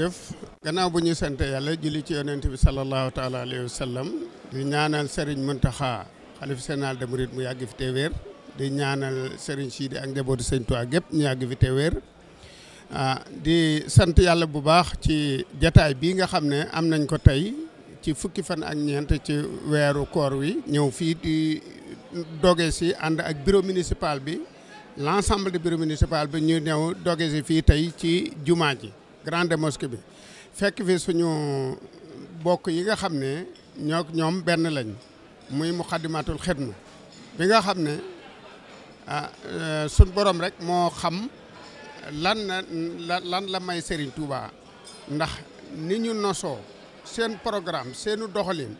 jëf gannaaw bu ñu sant yàlla julli ci yonent bi sallallahu taala alayhi wa sallam di ñaanal Serigne Mountakha xalif général des mourides mu yàgg fi te wér di ñaanal Serigne Sidi ak njabootu Serigne Touba gépp ñu yàgg fi te ah, di sant yàlla bu baax ci jataay bii nga xam ne am nañ ko tey ci fukki fan ak ñeent ci weeru koor wi ñëw fii di doge si ànd ak bureau municipal bi l'ensemble du bureau municipal bi ñu ñëw doge si fii tey ci jumaa ji grande mosquée bi fekk fi suñu bokk yi nga xam ne ñook ñoom benn lañ muy muxaddimatul xidma bi nga xam ne ah, euh, suñ borom rek moo xam lan la lan la may Serigne Touba ndax ni ñu nosoo seen programme seenu doxalin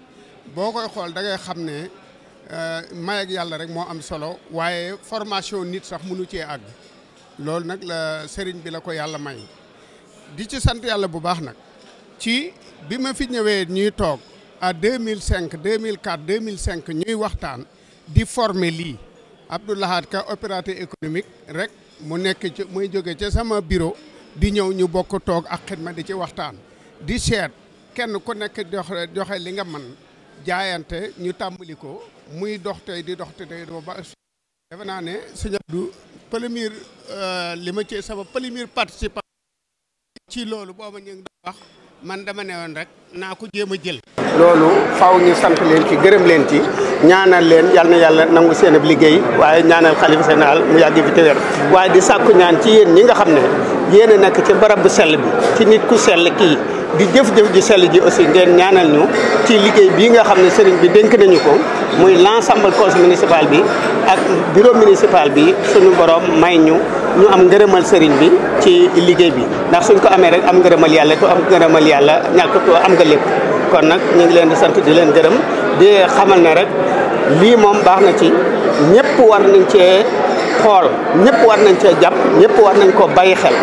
boo koy xool dangay xam ne euh, may ak yàlla rek moo am solo waaye formation nit sax munu cee àgg loolu nag la Serigne bi la ko yàlla may. di ci sant yàlla bu baax nag ci bi ma fi ñëwee ñuy toog à 2005 mil 2005 ñuy waxtaan di former lii Abdou Lahad Ka opérateur économique rek mu nekk ci muy jóge ca sama bureau di ñëw ñu bokk toog ak xidma di ci waxtaan di seet kenn ku nekk joxe joxe li nga man jaayante ñu tàmbali ko muy dox tey di dox tey doo ba naa ne sëñ Abdou premier euh, li ma ci sama premier participant ci loolu booba ñu ngi wax man dama ne woon naa ko jéem a jël. loolu faw ñu sant leen ci gërëm leen ci ñaanal leen yal na yàlla nangu seen ab liggéey waaye ñaanal xalifa général mu yàgg fi te wér waaye di sàkku ñaan ci yéen ñi nga xam ne yéen a nekk ci barab bu sell bi ci nit ku sell kii di jëf-jëf ji sell ji aussi ngeen ñaanal ñu ci liggéey bii nga xam ne sëriñ bi dénk nañu ko muy l'ensemble conseil municipal bi ak bureau municipal bi suñu borom may ñu. ñu am ngërëmal sëriñ bi ci liggéey bi ndax suñ ko amee rek am ngërëmal yàlla ku am ngërëmal yàlla ñàkk ko am nga lépp kon nag ñu ngi leen di sant di leen gërëm di xamal ne rek lii moom baax na ci ñëpp war nañ cee xool ñëpp war nañ cee jàpp ñëpp war nañ koo bàyyi xel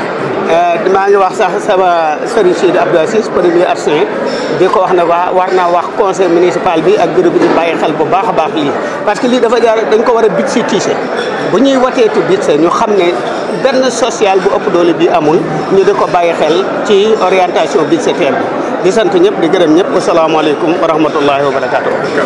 Euh, maa ngi wax sax sama sëriñ Sidi Abdou Assis premier absent di ko wax na waa war naa wax conseil municipal bi ak bureau bi ñu bàyyi xel bu baax a baax lii parce que lii dafa jaar dañ ko war a bit si tiise bu ñuy wateetu bit se ñu xam ne benn social bu ëpp doole bi amul ñu di ko bàyyi xel ci orientation budgétaire bi di sant ñëpp di gërëm ñëpp asalaamaaleykum wa rahmatullahi wa barakatuh